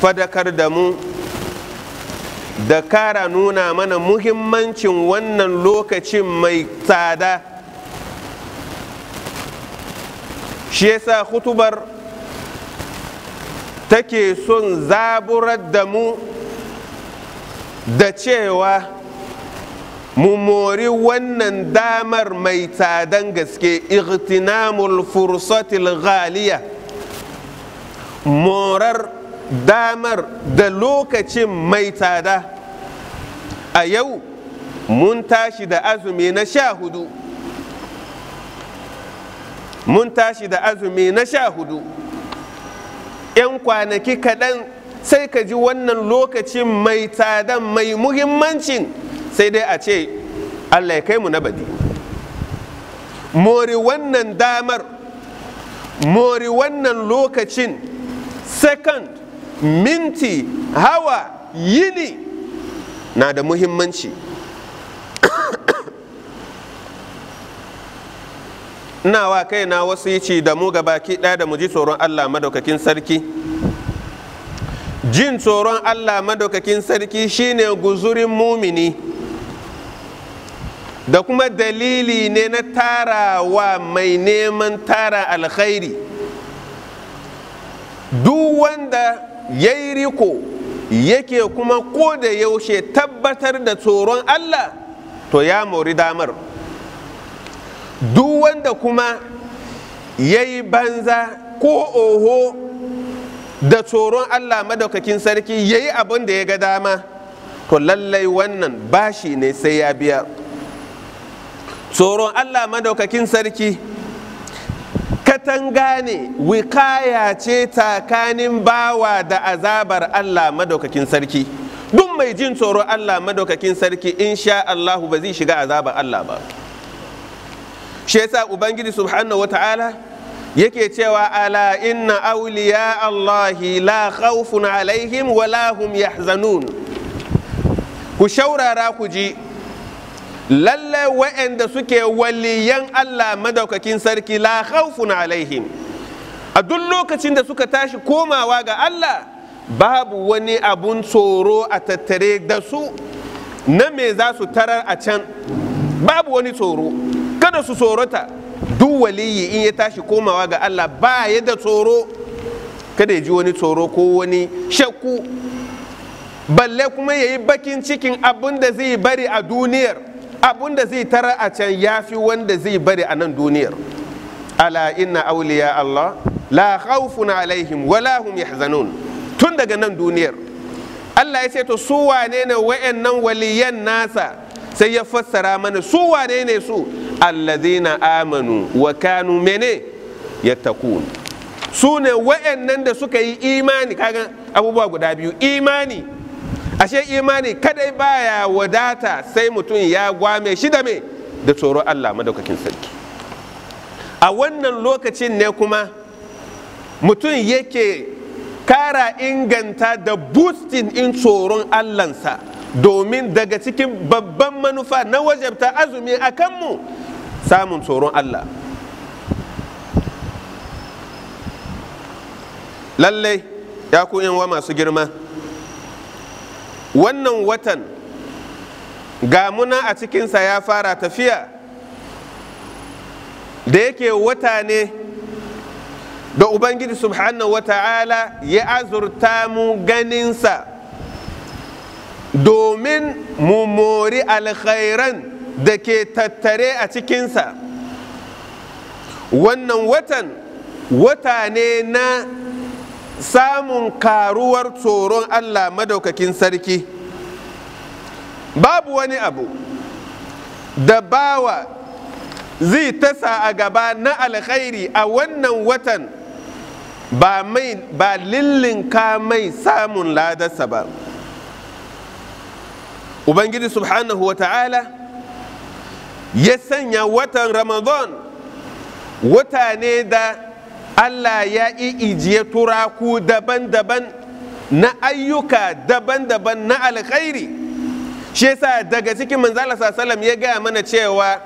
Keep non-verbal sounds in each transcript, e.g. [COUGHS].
fadakar da mu da kara nuna mana muhimmancin wannan lokacin mai tsada shi yasa hutubar take son zaburar da mu da cewa mu mori wannan damar mai tsadan gaske igtinamul fursatil ghaliya morar damar da lokacin mai tsada a yau mun tashi da azumi na sha hudu mun tashi da azumi na sha hudu 'yan kwanaki kaɗan sai ka ji wannan lokacin mai tsadan mai muhimmancin sai dai a ce allah ya kai mu na badi mori wannan damar mori wannan lokacin second minti hawa yini na da muhimmanci [COUGHS] ina wa kaina wasu yi ci da mu ga baki ɗaya da mu ji tsoron allah madaukakin sarki jin tsoron allah madaukakin sarki shine guzurin mumini da kuma dalili ne na tarawa mai neman tara alkhairi duk wanda ya riko yake kuma ko da yaushe tabbatar da tsoron Allah to ya mori damar duk wanda kuma ya yi banza ko oho da tsoron Allah madaukakin sarki ya yi abin da ya ga dama to lallai wannan bashi ne sai ya biya tsoron Allah madaukakin sarki fatan gane wikaya ce tsakanin bawa da azabar Allah madaukakin sarki duk mai jin tsoro Allah madaukakin sarki insha Allah ba zai shiga azabar Allah ba shi yasa ubangiji subhanahu wata'ala yake cewa ala inna awliya Allahi la khawfun alaihim wa la hum yahzanun ku shaurara ku ji lalle wa'anda suke waliyan Allah madaukakin sarki la khawfun alaihim a duk lokacin da suka tashi komawa ga Allah babu wani abun tsoro a tattare da su na me za su tarar a can babu wani tsoro kada su tsorota duk waliyi in ya tashi komawa ga Allah ba ya da tsoro kada ya ji wani tsoro ko wani shakku balle kuma ya yi bakin cikin abun da zai bari a duniyar abun da zai tara a can ya fi wanda zai bari a nan duniyar ala inna auliya Allah la khawfun alaihim la hum yahzanun tun daga nan duniyar Allah ya ce to su wane ne wa'annan waliyan nasa sai ya fassara mana su wane ne su allazina amanu wa kanu mene yattaqun su ne wa'annan da suka yi imani kaga abubuwa guda biyu imani ashe imani kadai baya wadata sai mutum ya gwame shi da me da tsoron Allah madaukakin sarki a wannan lokacin ne kuma mutum yake kara inganta da boosting in tsoron Allahnsa domin daga cikin babban manufa na wajabta azumi akan mu. samun tsoron Allah lallai ya ku wa masu girma wannan watan gamuna a cikinsa ya fara tafiya da yake wata ne da ubangiji subhanahu wa ta'ala ya azurta mu ganinsa domin mu mori alkhairan da ke tattare a cikinsa wannan watan wata ne na samun karuwar tsoron allah madaukakin sarki babu wani abu da bawa zai tasa a gaba na alkhairi a wannan watan ba mai ba lillinka mai samun ladarsa ba ubangiji subhanahu wa ta'ala ya sanya watan ramadan wata ne da Allah ya ijiye turaku daban-daban na ayyuka daban-daban na alkhairi shi yasa daga cikin manzala sallam ya gaya mana cewa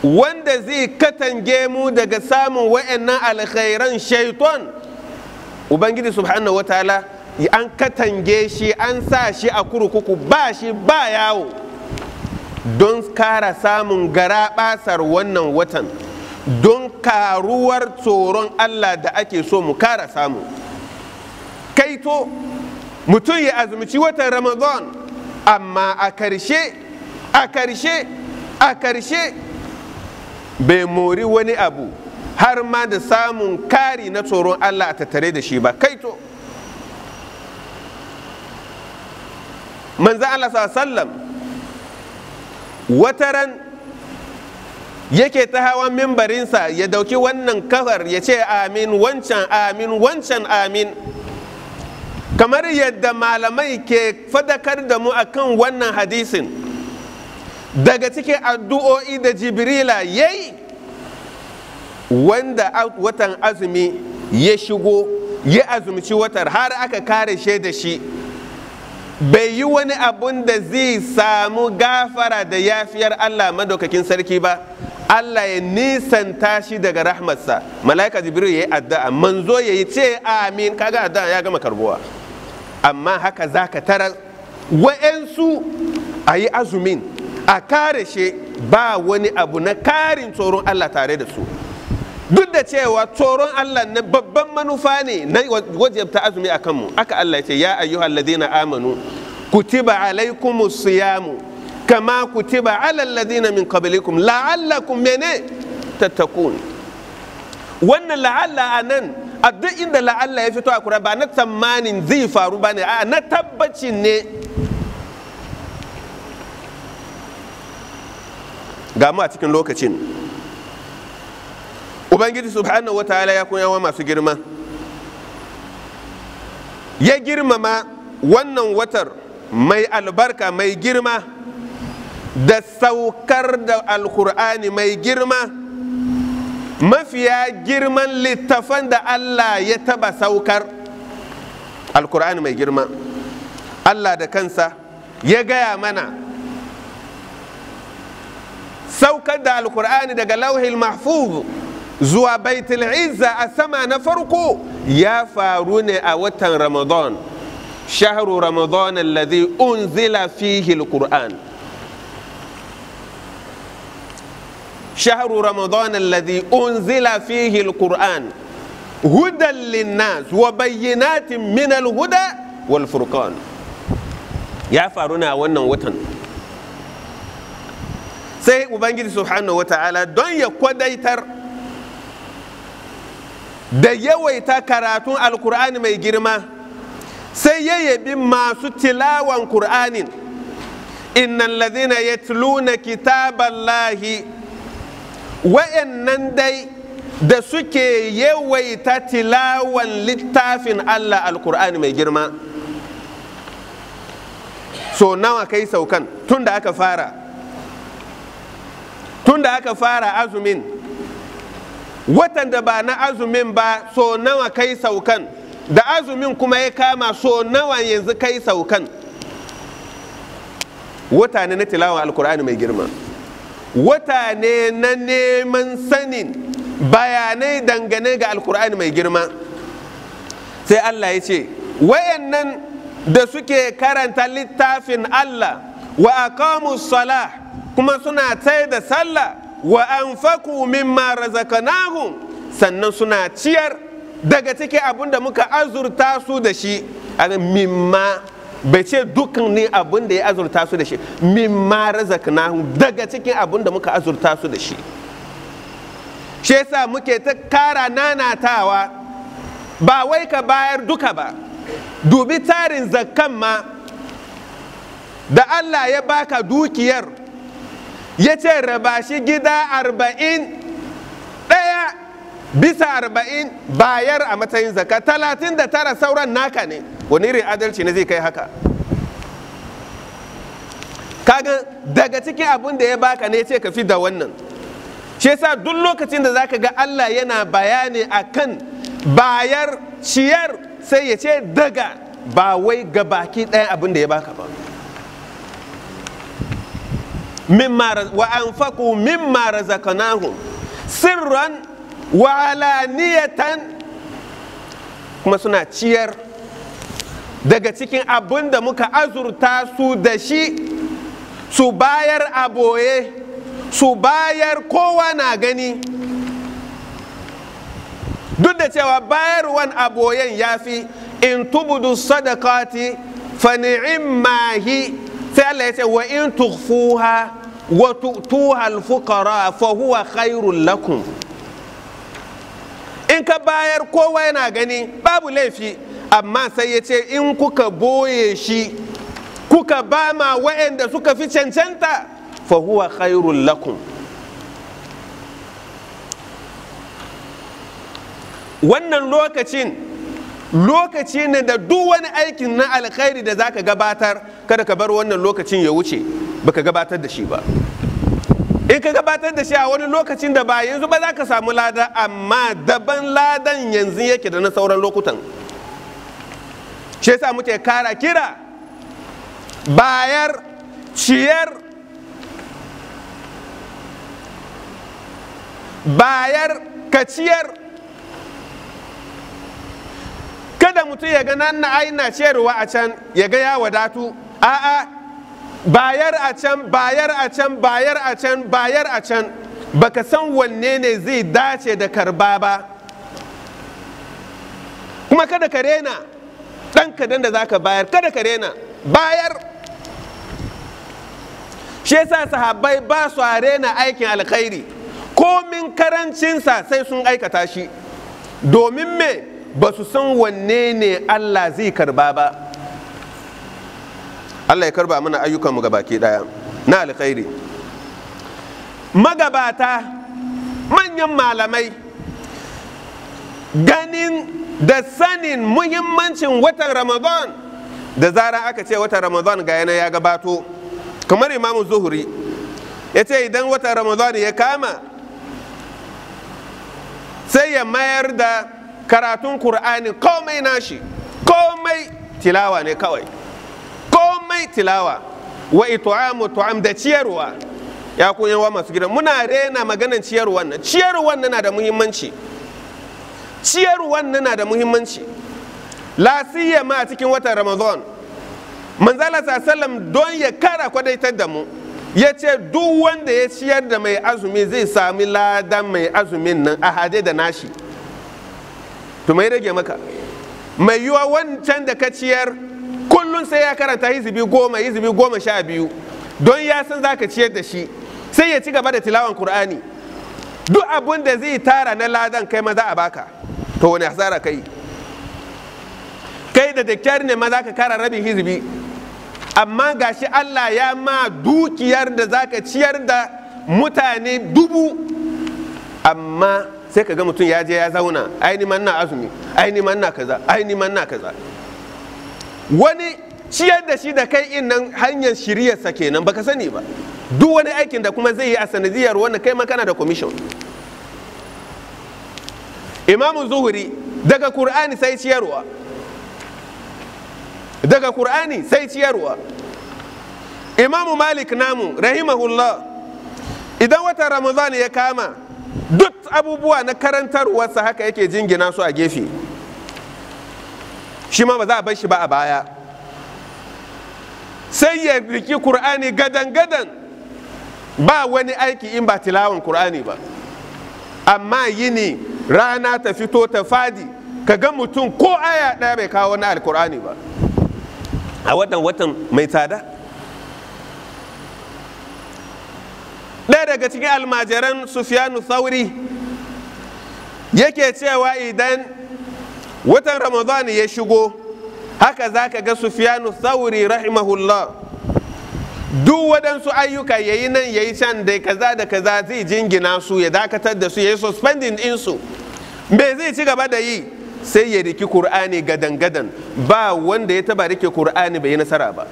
wanda zai katange mu daga samun wa'annan alkhairan shaiton ubangiji subhanahu wataala an katange shi an sa shi a kurkuku ba shi ba yawo don kara samun garaɓasar wannan watan don karuwar tsoron Allah da ake so mu kara samu kaito mutum ya azumci watan ramadan amma a karshe a karshe a karshe bai mori wani abu har ma da samun kari na tsoron Allah a tattare da shi ba kaito manzan Allah sallam wataran yake ta hawan mimbarinsa ya dauki wannan kafar ya ce amin wancan amin wancan amin kamar yadda malamai ke fadakar da mu akan wannan hadisin daga cikin addu'o'i da jibrila yayi wanda watan azumi ya shigo ya azumci watar har aka kare she da shi bai yi wani abun da zai samu gafara da yafiyar Allah madaukakin sarki ba Allah ya nisanta shi daga rahmatsa mala'ika jibril ya yi addu'a manzo ya yi ce amin kaga addu'a ya gama karbuwa amma haka za ka tara wa'yansu a yi azumin a kare shi ba wani abu na karin tsoron Allah tare da su duk da cewa tsoron Allah na babban manufa ne na wajabta azumi a kanmu aka Allah ya ce ya ayyuhal ladina amanu kutiba alaikumus siyamu kama kutiba ba alladhina min qablikum la'allakum mene tattakun wannan la'alla anan a duk inda la'alla ya fito a ba na tsammanin zai faru ba ne a na tabbacin ne ga mu a cikin lokacin ubangiji subhanahu wataala ya kun yawa masu girma ya girmama wannan watar mai albarka mai girma da saukar da alkur'ani mai girma mafiya girman littafan da allah ya taba saukar alkur'ani mai girma allah da kansa ya gaya mana saukar da alkur'ani daga lauhil mahfuz zuwa baitul izza a sama na farko ya faru ne a watan ramadan shahru ramadan alladhi unzila fihi alkur'an shahru Ramadana. alladhi unzila fihi hudan linnas wa bayyinatin min sai ubangiji subhanahu don ya kwadaitar da yawaita karatun alkur'ani mai girma sai ya yabi masu tilawan kur'anin innan lazina ya tiluna kitaballahi wa'annan dai da suke yawaita tilawan littafin Allah alkur'ani mai girma so nawa kai saukan tun da aka fara tun da aka fara azumin watan da ba na azumin ba so nawa kai saukan da azumin kuma ya kama so nawa yanzu kai saukan wata ne na tilawan alkur'ani mai girma wata ne na neman sanin bayanai dangane ga alkur'ani mai girma sai allah ya ce wayannan da suke karanta littafin allah wa aqamu salah kuma suna tsaye da sallah wa anfaku mimma razaqnahum sannan suna ciyar daga cikin abin da muka azurta su da shi mimma bai ce dukkan ne abin da ya azurta su da shi mimma razaqnahu daga cikin abin da muka azurta su da shi shi yasa muke ta kara nanatawa ba wai ka bayar duka ba dubi tarin zakkan ma da Allah ya baka dukiyar ya ce raba shi gida arba'in bisa arba'in bayar a matsayin zaka talatin da tara sauran naka ne wani irin adalci ne zai kai haka kaga daga cikin abin da ya baka ne ce ka fi da wannan shi yasa duk lokacin da zaka ga Allah yana bayani akan bayar ciyar sai ya ce daga ba wai ga baki ɗaya abin da ya baka ba mimma wa anfaqu mimma razaqnahum sirran walaniyatan kuma suna ciyar daga cikin abin da muka azurta su da shi su bayar aboye su bayar kowa na gani duk da cewa bayarwan aboyen boyen ya fi in tubudu sadakati fa mahi sai Allah ya ce wa in tufuha wa tu'tuha al-fuqara fa huwa khairul in ka bayar kowa yana gani babu laifi amma sai ya ce in kuka boye shi kuka ba ma wa'anda suka fi cancanta fa huwa khairul lakum wannan lokacin lokaci ne da duk wani aikin na alkhairi da zaka gabatar kada ka bar wannan lokacin ya wuce baka gabatar da shi ba in ka gabatar da shi a wani lokacin da ba yanzu ba za ka samu lada amma daban ladan yanzu yake da na sauran lokutan shi yasa muke kara kira bayar ciyar bayar ka ciyar kada mutum ya ga nan na aina ciyarwa a can ya ga ya wadatu a'a bayar a can bayar a can bayar a can bayar a can baka san wanne ne zai dace da karba ba kuma kada ka rena ɗan kadan da zaka bayar kada ka rena bayar shi yasa sahabbai ba su rena aikin alkhairi komin karancinsa sai sun aikata shi domin me ba su san wanne ne allah zai karba ba Allah ya karba mana ayyukanmu ga baki daya na alkhairi magabata manyan malamai ganin da sanin muhimmancin watan ramadan da zara aka ce watan ramadan ga yana ya gabato kamar imamu zuhuri ya ce idan watan ramadan ya kama sai ya mayar da karatun kur'ani komai nashi komai tilawa ne kawai komai tilawa wa itu'amu tu'am da ciyarwa ya ku yan masu gidan muna rena maganan ciyarwan nan ciyarwan nan na da muhimmanci ciyarwan nan na da muhimmanci la ma a cikin watan ramadan manzala sallam don ya kara kwadaitar da mu ya ce duk wanda ya ciyar da mai azumi zai sami ladan mai azumin nan a hade da nashi to mai rage maka mai yiwa wancan da ka ciyar kullum sai ya karanta hizibi goma hizibi goma sha biyu don ya san za ka ciyar da shi sai ya ci gaba da tilawan kur'ani duk abin da zai tara na ladan kai maza a baka to wani hasara kai kai da dakyar ne maza ka kara rabin hizibi amma gashi allah ya ma dukiyar da za ka ciyar da mutane dubu amma sai ka ga mutum ya je ya zauna aini man azumi aini man kaza aini man kaza wani ciyar da shi da kai in nan hanyar shiryarsa kenan baka sani ba duk wani aikin da kuma zai yi a sanadiyar wanda kai makana da commission imamu zuhuri daga kur'ani sai ciyarwa daga kur'ani sai ciyarwa imamu malik namu rahimahullah idan wata ramadan ya kama duk abubuwa na karantarwarsa haka yake jingina su a gefe shi ma ba za a bar shi ba a baya sai ya riki Kur'ani gadan-gadan ba wani aiki in ba tilawan Kur'ani ba amma yini rana ta fito ta fadi ka ga mutum ko aya ɗaya bai kawo na alkur'ani ba a wannan watan mai tsada ɗaya daga cikin almajiran Sufiyanu sauri yake cewa idan watan ramadan ya shigo haka za ka ga sufiyanu thauri rahimahullah duk waɗansu ayyuka ya yi nan ya yi can da kaza da kaza zai jingina su ya dakatar da su ya yi suspending ɗinsu me zai ci gaba da yi sai ya riki kur'ani gadan-gadan ba wanda ya taba rike ƙur'ani bai yi nasara ba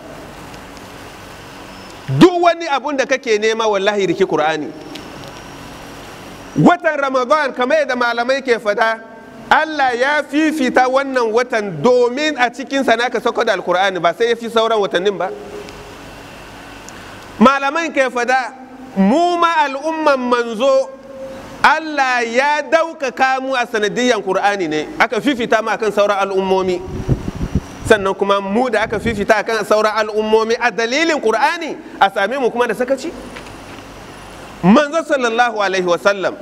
duk wani abun da kake nema wallahi riki kur'ani watan ramadan kamar yadda malamai ke fada Allah ya fifita wannan watan domin a cikinsa naka sako da alkur'ani ba sai ya fi sauran watannin ba malaman ke fada mu ma al'umman manzo Allah ya ɗaukaka mu a sanadiyyan Kur'ani ne aka fifita mu akan sauran al'ummomi sannan kuma mu da aka fifita akan sauran al'ummomi a dalilin Kur'ani a same mu kuma da sakaci manzo sallallahu alaihi wasallam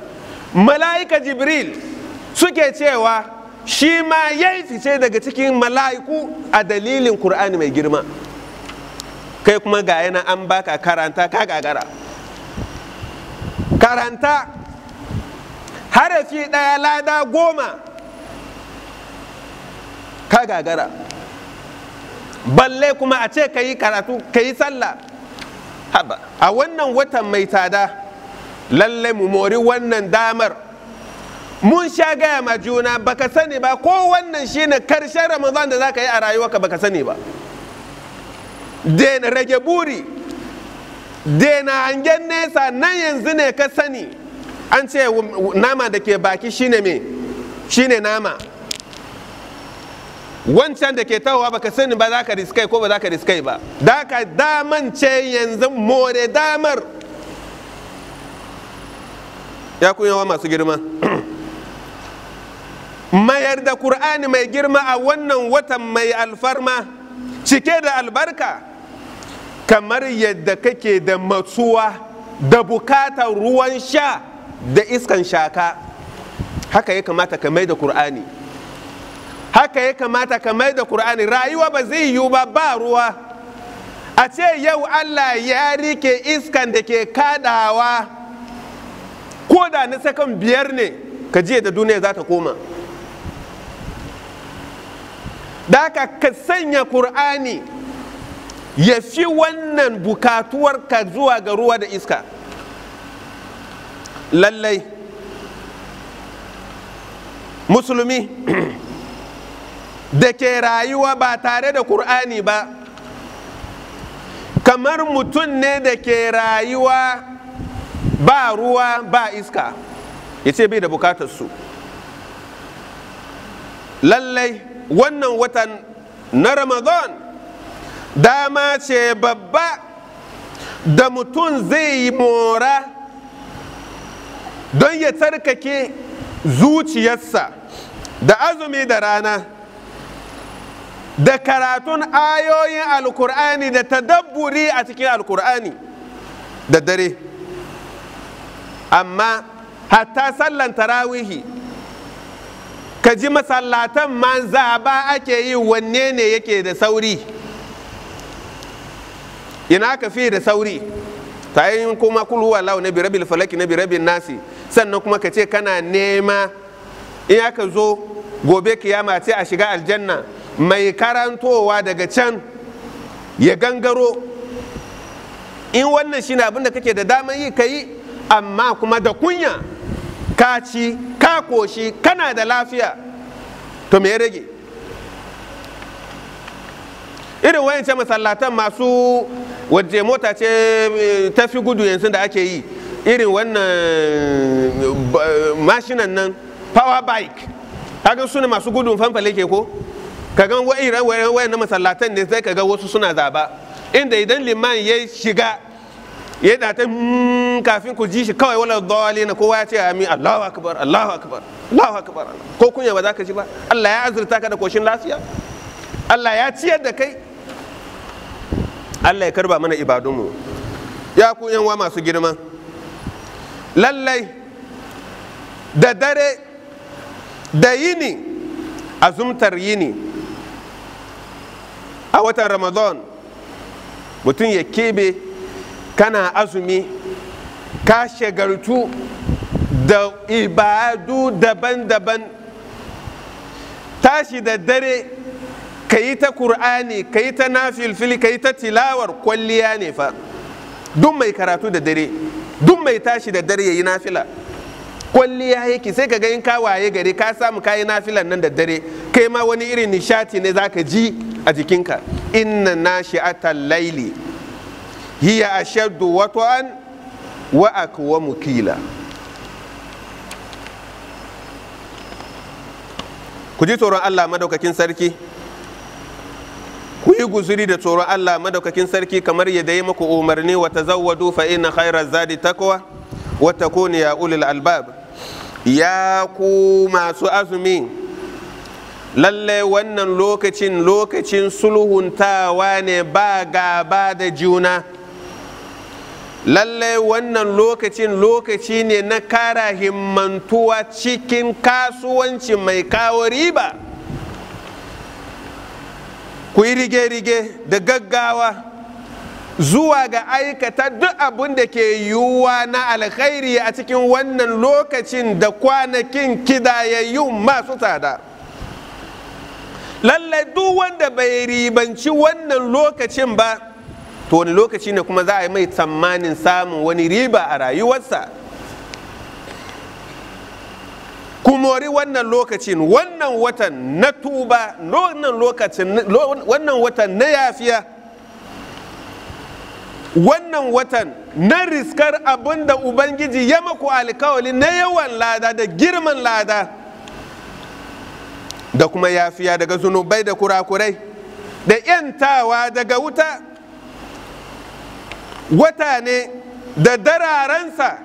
mala'ika jibril suke cewa shi ma ya yi fice daga cikin mala'iku a dalilin Kur'ani mai girma kai kuma ga yana an baka karanta ka gagara karanta harafi ɗaya lada goma ka gagara balle kuma a ce ka yi karatu ka yi sallah a wannan watan mai tada lalle mu mori wannan damar mun sha gaya ma juna baka sani ba ko wannan shine karshen ramadan da zaka yi a rayuwarka baka sani ba rage buri dena hangen nesa nan yanzu ne ka sani an ce nama da ke baki shine me shine nama wancan da ke ba baka sani ba za ka riskai ko ba za ka riskai ba da ka ce yanzu more damar ya kunyawa masu girma [CLEARS THROAT] mayar da ƙur'ani mai girma a wannan watan mai alfarma cike da albarka kamar yadda kake da matsuwa da bukatar ruwan sha da iskan shaka haka ya kamata ka mai da ƙur'ani haka ya kamata ka mai da ƙur'ani rayuwa ba zai yiwu ba ba ruwa a ce yau allah ya rike iskan da ke kadawa ko da na sakan biyar ne ka jiya da duniya za ta koma da ka sanya ƙur'ani ya fi wannan bukatuwar ka zuwa ga ruwa da iska lallai musulmi [CLEARS THROAT] da ke rayuwa ba tare da ƙur'ani ba kamar mutum ne da ke rayuwa ba ruwa ba iska ya ce bai da bukatar lallai wannan watan na ramadan dama ce babba da mutum zai yi mora don ya tsarkake zuciyarsa da azumi da rana da karatun ayoyin alkur'ani da tadabburi a cikin alkur'ani da dare amma hatta sallan tarawihi ka ji masallatan ma ba ake yi wanne ne yake da sauri ina ka fi da sauri ta yi kuma kulwa lau na birabil falaki na birabil nasi sannan kuma ka ce kana nema in aka zo gobe kiyama ce a shiga aljanna mai karantowa daga can ya gangaro in wannan shine abin da kake da damar yi ka yi amma kuma da kunya ka ci ka koshi kana da lafiya to me ya rage irin wayance masallatan masu waje mota ce eh, tafi gudu yanzu da ake yi irin wannan mashinan nan power bike kaga suna masu gudun fanfale ke ko kaga wayan na masallatan ne sai kaga wasu suna zaba inda idan liman ya shiga da ta mm, kafin ku ji shi kawai wala na kowa ya ce amin Allahu akbar Allahu akbar Allahu akbar ko kunya ba za ka ji ba Allah ya azurta ka da koshin lafiya Allah ya ciyar da kai Allah ya karba mana ibadunmu ya ku yanwa masu girma lallai da dare da yini azumtar yini a watan ramadan mutum ya kebe kana azumi ka shagartu da ibadu daban-daban tashi da dare ka yi ta kur'ani ka yi ta nafilfili ka yi ta tilawar kwalliya ne fa duk mai karatu da dare duk mai tashi da dare ya yi nafila kwalliya yake sai ka ga in ka waye gari ka samu ka yi nafilan nan da dare kai ma wani irin nishati ne za ka ji a jikinka inna nashi'atal laili hiya ashaddu wata'an wa aqwamu qila ku ji tsoron Allah madaukakin sarki ku yi guzuri da tsoron Allah madaukakin sarki kamar yadda ya muku umarni wa tazawwadu fa inna khayra zadi taqwa wa takunu ya ulul albab ya ku masu azumi lalle wannan lokacin lokacin sulhuntawa ne ba gaba da juna lallai wannan lokacin lokaci ne na kara himmantuwa cikin kasuwanci mai kawo riba ku yi rige-rige da gaggawa zuwa ga aikata duk abin da ke yiwuwa na alkhairi a cikin wannan lokacin da kwanakin kidayayyun masu tsada lallai duk wanda bai ribanci wannan lokacin ba to wani lokaci ne kuma za a yi mai tsammanin samun wani riba a rayuwarsa kumori wannan lokacin wannan watan na tuba wannan watan na yafiya wannan watan na riskar abin da ubangiji ya maku alkawali na yawan lada da girman lada da kuma yafiya daga zunubai da kurakurai da 'yantawa daga wuta wata ne da dararensa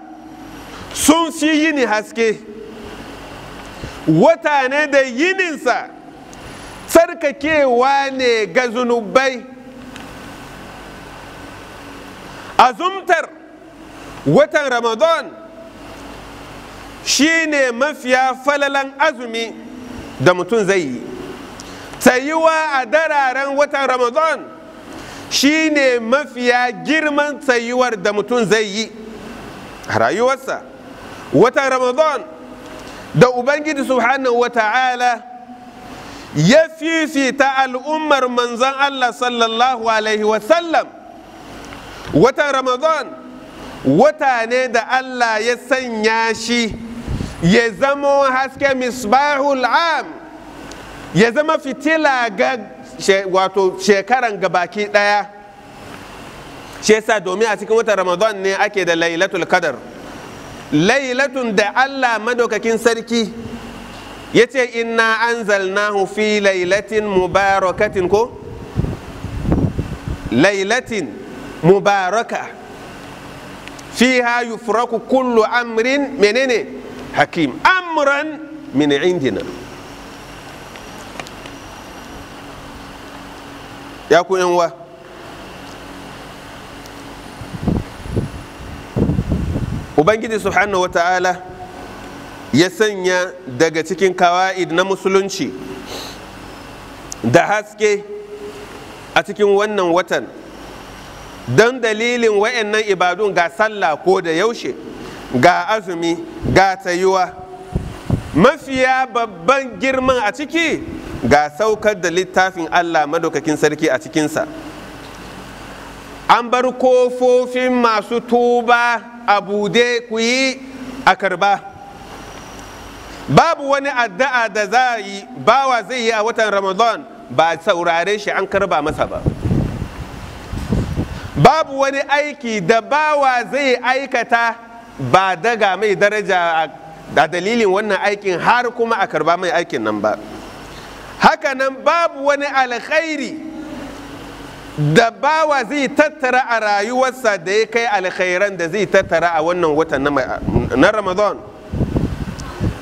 sun fi yini haske wata ne da yininsa tsarkakewa ne ga zunubai azumtar watan ramadan shi ne mafiya falalan azumi da mutum zai yi tsayuwa a dararen watan ramadan shine mafiya girman tsayuwar da mutum zai yi a rayuwarsa watan ramadan da ubangiji subhanahu wa ta'ala ya fifita al'ummar manzon allah sallallahu alaihi wasallam watan ramadan wata ne da allah ya sanya shi ya zama haske misbahul am ya zama fitila ga wato shekaran gabaki daya shi yasa domin a cikin watan ramadan ne ake da lailatul qadar lailatun da allah madaukakin sarki ya ce inna anzalnahu fi lailatin mubarakatin ko lailatin mubaraka fiha yufraku kullu amrin menene hakim amran min indina ya ku yan wa? ubangiji subhanahu wata'ala ya sanya daga cikin kawa'id na musulunci da haske a cikin wannan watan don dalilin wa'annan ibadun ga sallah ko da yaushe ga azumi ga tayuwa mafiya babban girman a ciki ga saukar da littafin Allah madaukakin sarki a cikinsa an bar kofofin masu tuba a bude ku yi a karba babu wani addu'a da za a yi bawa zai yi a watan ramadan ba saurare shi an karba masa ba babu wani aiki da bawa zai aikata ba daga mai daraja a dalilin wannan aikin har kuma a karba mai aikin nan ba hakanan babu wani alkhairi da bawa zai tattara a rayuwarsa da ya kai alkhairan da zai tattara a wannan watan na ramadan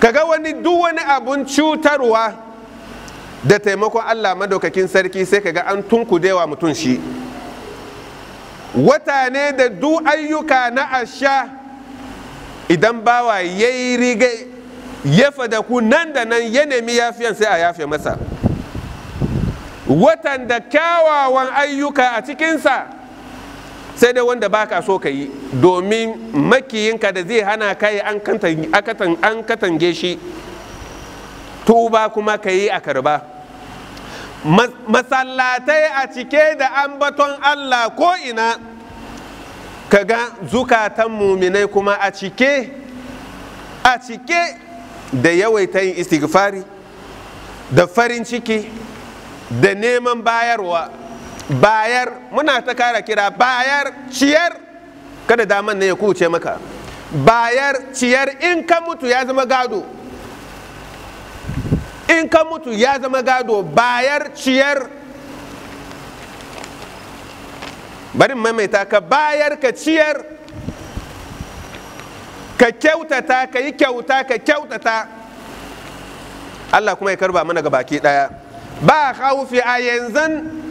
kaga wani duk wani abun cutarwa da taimakon allah madaukakin sarki sai kaga an tunkudewa mutum shi wata ne da du ayyuka na asha idan bawa ya yi ya ku nan da nan ya nemi yafiyan sai a yafe masa watan da kyawawan ayyuka a cikinsa sai dai wanda ba ka so ka yi domin makiyinka da zai hana ka yi an katange shi tuba kuma ka yi a karba masallatai a cike da ambaton allah ko ina ka ga zukatan muminai kuma a cike a cike da yawaita yin istighfari da farin ciki da neman bayarwa bayar muna ta kara kira bayar ciyar kada daman ne ya kuce maka bayar ciyar in ka mutu ya zama gado in ka mutu ya zama gado bayar ciyar bari maimaita ka bayar ka ciyar ka kyautata ka yi kyauta ka kyautata Allah kuma ya karba mana baki daya ba haufi a yanzu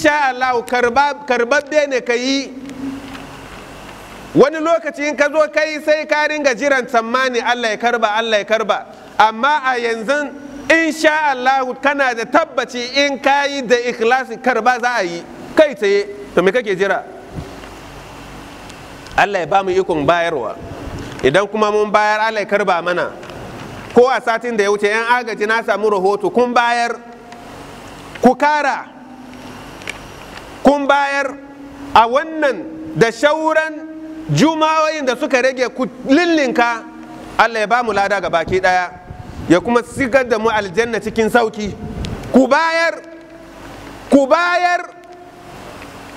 sha Allah karbabbe ne ka yi wani lokaci in ka zo kai sai ka ringa jiran tsammani Allah ya karba Allah ya karba amma a yanzu insha Allah kana da tabbaci in ka yi da ikhlasi karba za a yi kai tsaye to me kake jira Allah ya ba mu ikon bayarwa idan kuma mun bayar Allah ya karba mana ko a satin da ya wuce yan agaji na samu rahoto kun bayar ku kara kun bayar a wannan da shauran juma'o'in da suka rage ku lillinka Allah ya ba mu lada ga baki daya ya kuma sigar da mu aljanna cikin sauki ku bayar ku bayar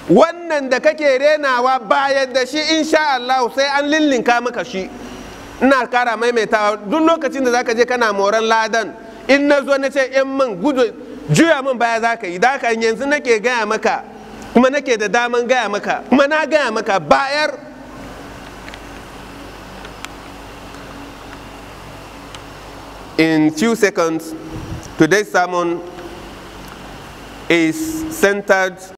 wannan da kake renawa bayan da shi insha Allah sai an lillinka maka shi ina kara maimaitawa duk lokacin da zaka je kana moran ladan in na zo na ce in min gudu juya min baya zaka yi da yanzu nake gaya maka kuma nake da daman gaya maka kuma na gaya maka bayar in few seconds today's sermon is centered